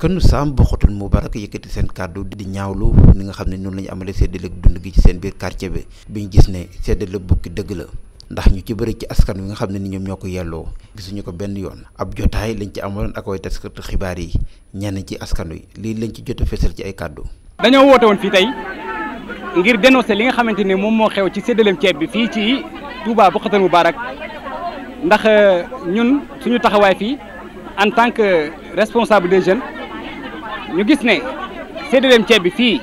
askanu saam boxatul mubarak yëkkati seen kàddu di ñaawlu ni nga xam ne noonu la ñu sedd séddale dund gi ci seen biir quartier bi bi ñu gis ne séddale bukki dëgg la ndax ñu ci bëri ci askan wi nga xam ne ni ñoom ñoo ko yelloo gisuñu ko benn yoon ab jotaay lañ ci amaloon ak way taskatu xibaar yi ñenn ci askan wi lii lañ ci jot a fésal ci ay kàddu dañoo woote woon fii tey ngir dénoncer li nga xamante ne moom moo xew ci séddaleem ceeb bi fii ci Touba boxatul mubarak ndax euh, ñun suñu taxawaay fii en tant que responsable des jeunes ñu gis ne séddaleem ceeb bi fii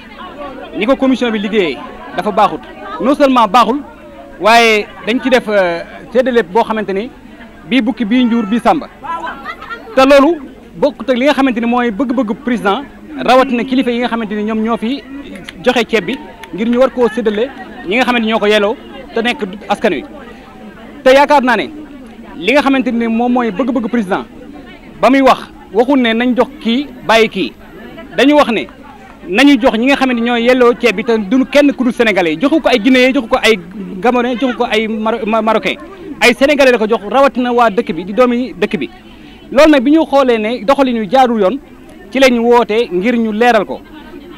ni ko commission bi liggéeyee dafa baaxut non seulement baaxul waaye dañ ci def euh, séddale boo xamante ni bii bukki bii njuur bii sàmba te loolu bokkut ak li nga xamante ni mooy bëgg-bëgg président rawatina kilifa yi nga xamante ni ñoom ñoo fi joxe ceeb bi ngir ñu war koo séddale ñi nga xamante ñoo ko yelloo te nekk askan wi te yaakaar naa ne li nga xamante ni moom mooy bëgg-bëgg président ba muy wax waxul ne nañ jox kii bàyyi kii dañu wax ne nañu jox ñi nga xam ne ñoo yelloo ceeb bi te duñu kenn ku dul sénégalais joxu ko ay guinéen joxu ko ay gabonais joxu ko ay marocain ay sénégalais la ko jox rawatina waa dëkk bi di doomi dëkk bi loolu nag bi ñu xoolee ne doxalin yu jaarul yoon ci lañu wootee ngir ñu leeral ko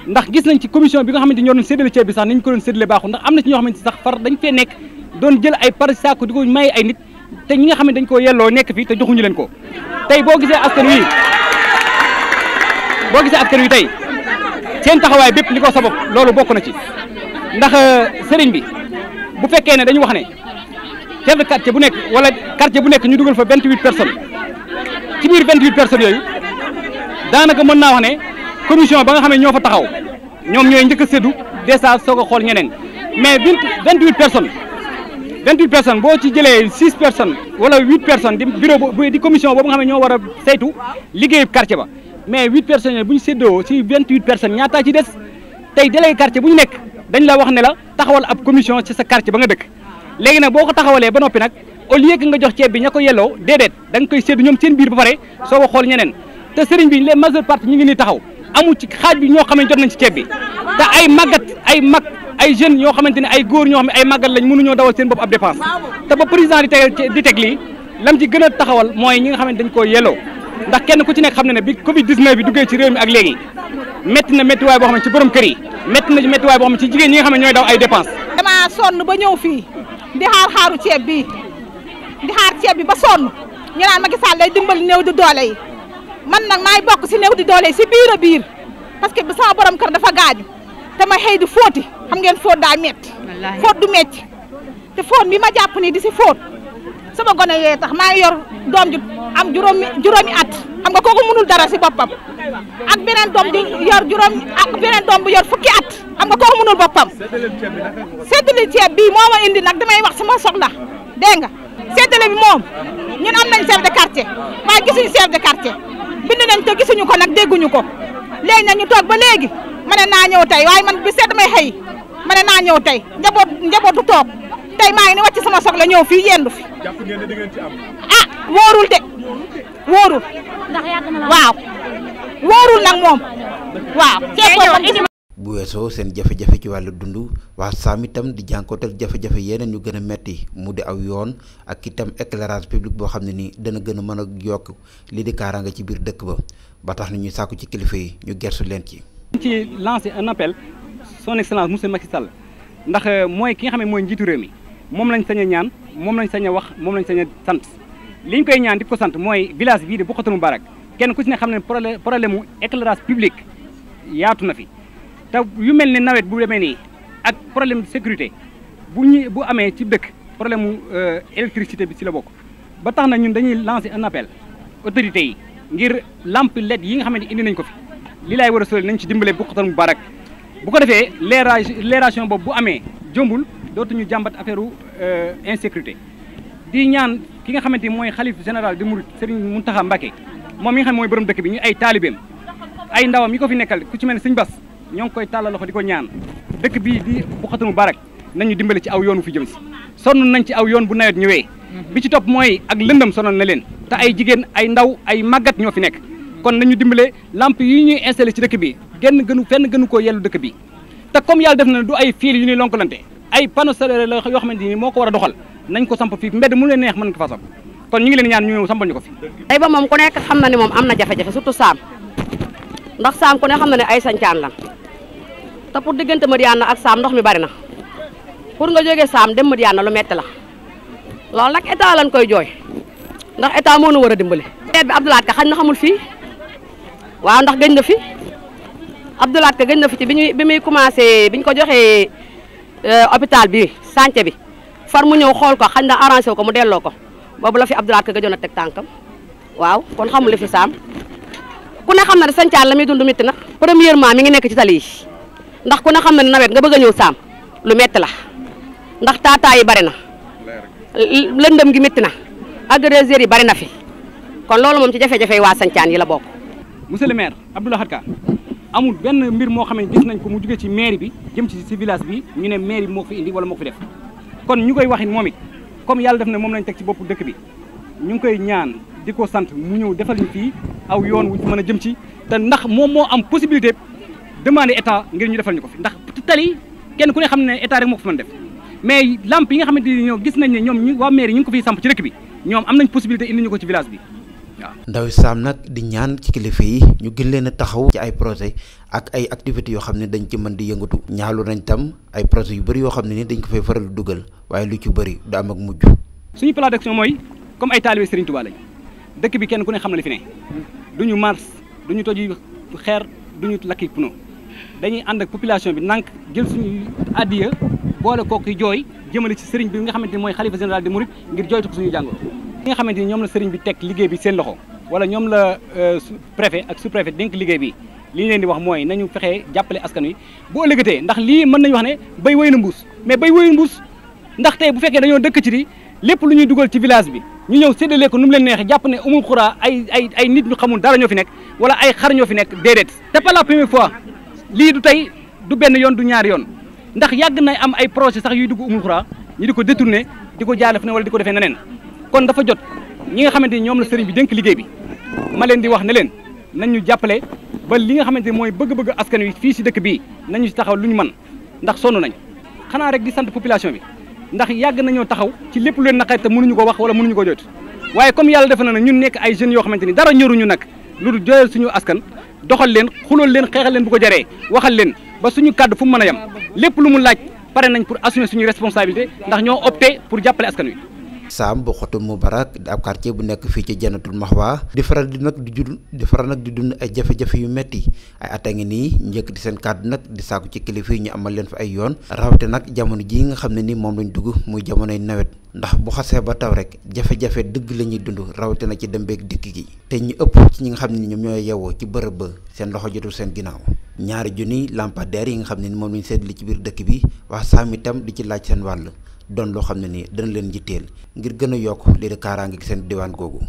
ndax gis nañ ci commission bi nga ne ñoo doon séddale ceeb bi sax niñ ko doon séddale baaxul ndax am na ci ñoo xamante sax far dañ fee nekk doon jël ay par saako di ko nit te ñi nga xam ne koo yelloo nekk fii te leen ko tey boo gisee askan wi boo gisee askan wi tey seen taxawaay bépp li ko sabab loolu bokk na ci ndax euh, sëriñ bi bu fekkee ne dañu wax ne chef de quartier bu nekk wala quartier bu nekk ñu dugal fa vingt huit personnes ci biir vingt huit personnes yooyu daanaka mën naa wax ne commission ba nga xam ne ñoo fa taxaw ñoom ñooy njëkk a séddu desa soog a xool ñeneen mais vingt huit personnes vingt huit personnes boo ci jëlee six personnes wala huit personnes di bureau di commission boobu nga xam ne ñoo war a saytu liggéeyu quartier ba mais huit personnes bu ñu séddoo si vingt huit personnes ñaataa ci des tey délégué quartier bu ñu nekk dañ la wax ne la taxawal ab commission ci sa quartier ba nga dëkk léegi nag boo ko taxawalee ba noppi nag au lieu nga jox ceeb bi ña ko yelloo déedéet da koy séddu ñoom seen biir ba pare soo ko xool ñeneen te sëriñ bi les majeure partie ñu ngi nii taxaw amul ci xaaj bi ñoo xam ne jot nañ ci ceeb bi te ay màggat ay mag ay jeunes ñoo xamante ne ay góor ñoo xam ne ay màggat lañ mënuñoo dawal seen bopp ab dépense te ba président di teg gën a taxawal mooy ñi nga xamante dañ koo yelloo ndax kenn ku ci nekk xam na ne bi Covid 19 bi duggee ci réew mi ak léegi metti na méttiwaay boo xam ne ci borom kër yi métti na méttiwaay boo xam ne ci jigéen ñi nga xam ne ñooy daw ay dépense dama sonn ba ñëw fii di xaar xaaru ceeb bi di xaar ceeb bi ba sonn ñu naan Macky Sall lay dimbali néew di doole yi man nag maay bokk si néew di doole yi si biir a biir parce que bi sama borom kër dafa gaañu te ma xëy di fóoti xam ngeen fóot daa metti fóot du metti te fóot bi ma jàpp nii di si fóot sama gone yee tax maa ngi yor doom ju am juróomi juróomi at xam nga kooku mënul dara si boppam ak beneen doom ju yor juróom ak beneen doom bu yor fukki at xam nga kooku mënul boppam seddali ceeb bi moo ma indi nag damay wax sama soxla dégg nga seddale bi moom ñun am nañ chef de quartier waaye gisuñu chef de quartier bind nañ te gisuñu ko nag dégguñu ko léegi nag ñu toog ba léegi ma ne naa ñëw tey waaye man bi seet damay xëy ma ne naa ñëw tey njaboot njabootu toog tey maa ngi ne wàcc sama ñëw fii yendu fi jàpp ah, wóorul de wóorul. waaw wóorul nag moom waaw. ceeb bu weesoo seen jafe-jafe ci wàll dund waa saam itam di jànkooteel jafe-jafe yeneen ñu gën a metti mu di aw yoon ak itam éclairage public boo xam ne nii dana gën a mën a yokk lii di kaaraange ci biir dëkk ba ba tax na ñuy sàkku ci kilifa yi ñu gersu leen ci. ci lancer un appel son excellence monsieur Macky Sall ndax euh, mooy ki nga xam ne mooy njiitu réew mi. moom lañ sañ ñaan moom lañ sañ a wax moom lañ sañ sant liñ koy ñaan di ko sant mooy village bii di Boukhatoul barak kenn ku ci ne xam ne problème mu éclairage public yaatu na fi te yu mel ni nawet bu demee nii ak problème de sécurité bu ñu bu amee ci dëkk problème mu euh, électricité bi si la bokk ba tax na ñun dañuy lancer un appel autorités yi ngir lampe led yi nga xamante indi nañ ko fi li laay war a sori nañ ci dimbale Boukhatoul Moubarak bu ko defee leerage leeration boobu bu amee jombul dootuñu jàmbat affaire euh, insécurité di ñaan ki nga xamante ni mooy xalif général di Mouride mu taxa Mbacké moom mi nga xam mooy borom dëkk bi ñu ay taalibeem ay ndawam yi ko fi nekkal ku ci mel ne Serigne Bass ñoo ngi koy tàllal di ko ñaan dëkk bii di Boukhatoul Moubarak nañu dimbali ci aw yoon fi jëm si sonn nañ ci aw yoon bu nawet ñëwee mhm. bi ci topp mooy ak lëndëm sonal na leen te ay jigéen ay ndaw ay màggat ñoo fi nekk kon nañu dimbale làmp yi ñuy installé ci dëkk bi genn gënu fenn gënu koo yellu dëkk bi te comme yàlla def na du ay fiil yu ñuy lonkalante ay panneaux solaires la yoo xamante ni moo ko war a doxal nañ ko samp fii mbedd mu leen neex mën ko fa samp kon ñu ngi leen ñaan ñu ñëw ñu ko fi ay ba moom ku nekk xam na ne moom am na jafe-jafe surtout saam ndax saam ku xam na ne ay sancaan lan te pour diggante Madiyana ak saam ndox mi bari na pour nga jógee saam dem na lu metti la loolu nag état lañ koy jooy ndax état moo nu war a dimbali teet bi Abdoulaat Ka xañ na xamul fii waaw ndax gëj na fi Abdoulaat Ka gëj na fi ci bi ñuy bi commencé bi ñu ko joxee Euh, hôpital bi sance bi far mu ñëw xool ko xañ na arrangé wu ko mu delloo ko boobu la fi Abdoulaye ka gëjoon a teg tànkam waaw kon xamul li fi saam ku ne xam na ne sancaan la muy dund métti na premièrement mi ngi nekk ci tali yi ndax ku ne xam na ne nawet nga bëgg a ñëw saam lu métti la ndax taataa yi bari na lëndëm gi métti na agresseurs yi bari na fi kon loolu moom ci jafe-jafe yi waa sancaan yi la bokk monsieur le maire Abdoulaye Kharka amul benn mbir moo xam ne gis nañ ko mu jugee ci mairie bi jëm ci si village bi ñu ne mairie moo ko fi indi wala moo ko fi def kon ñu koy waxin moom it comme yàlla def na moom lañ teg ci bopp dëkk bi ñu ngi koy ñaan di ko sant mu ñëw defal ñu fii aw yoon wuñ fi mën a jëm ci te ndax moom moo am possibilité demander état ngir ñu defal ñu ko fi ndax te tali kenn ku ne xam ne état rek moo ko fi mën def mais lamp yi nga xamante ni ñoo gis nañ ne ñoom ñu waa mairie ñu ngi ko fiy samp ci dëkk ñoom am nañ possibilité indi ko ci village bi ndaw ndawi saam nag di ñaan ci kilifa yi ñu gën leen a taxaw ci ay projet ak ay activités yoo xam ne dañ ci mën di yëngatu ñaalu nañ tam ay projet yu bëri yoo xam ne ni dañ ko fay faral dugal waaye lu ci bëri du am ak mujj suñu plan d'action mooy comme ay taalibe Serigne Touba lañ dëkk bi kenn ku ne xam ne li fi ne duñu mars duñu toji xeer duñu lakki puno dañuy ànd ak population bi nank jël suñu addiya boole kooku jooy jëmale ci sëriñ bi nga xamante ni mooy xalifa général de ngir jooytu ko suñu ni nga xamante ni ñoom la sëriñ bi teg liggéey bi seen loxo wala ñoom la euh, préfet ak su préfet dénk liggéey bi li leen di wax mooy nañu fexee jàppale askan wi boo ëllëgatee ndax lii mën nañu wax ne bay woy na mbuus mais bay woy na mbuus ndax tey bu fekkee dañoo dëkk ci di lépp lu ñuy dugal ci village bi ñu ñëw séddale ko nu mu leen neexee jàpp ne umul xuraa ay nit ñu xamul dara ñoo fi nekk wala ay xar ñoo fi nekk déedéet te pas la première fois lii du tey du benn yoon du ñaari yoon ndax yàgg na am ay projet sax yuy dugg umul xuraa ñu ko détourné di ko jaale fu ne wala di ko defee neneen kon dafa jot ñi nga xamante ni ñoom la sëriñ bi dénk liggéey bi ma leen di wax ne leen nañ ñu jàppale ba li nga xamante ni mooy bëgg-bëgg askan wi fii si dëkk bi nañu si taxaw lu ñu mën ndax sonn nañ xanaa rek di sant population bi ndax yàgg nañoo taxaw ci lépp lu leen naqari te mënuñu ko wax wala mënuñu ko jooytu waaye comme yàlla defe na ne ñun nekk ay jeunes yoo xamante ni dara ñëruñu nag lu dul jooyal suñu askan doxal leen xulool leen xeexal leen bu ko jaree waxal leen ba suñu kàddu fu mu mën a yem lépp lu mu laaj pare nañ pour assumer suñu responsabilité ndax ñoo opté pour jàppale askan wi Saam bu xotu Mubarak di ab quartier bu nekk fii ci Jannatul Mahwa di faral di nag di jud di faral nag di dund ay jafe-jafe yu metti ay at ngi nii njëkk di seen kàddu nag di saako ci kilifa yi ñu amal leen fa ay yoon rawate nag jamono jii nga xam ne ni moom ñu dugg muy jamonoy nawet ndax bu xasee ba taw rek jafe-jafe dëgg la ñuy dund rawate na ci dem beeg dikk gi te ñu ëpp ci ñi nga xam ne ni ñoom ñooy yewoo ci bërëb ba seen loxo jotul seen ginnaaw ñaari junni lampadaire yi nga xam ne moom lañ seetlu ci biir dëkk bi wax saam di ci laaj seen wàll doon loo xam ne nii dana leen jitteel ngir gën a yokk lii de kaaraange seen diwaan googu.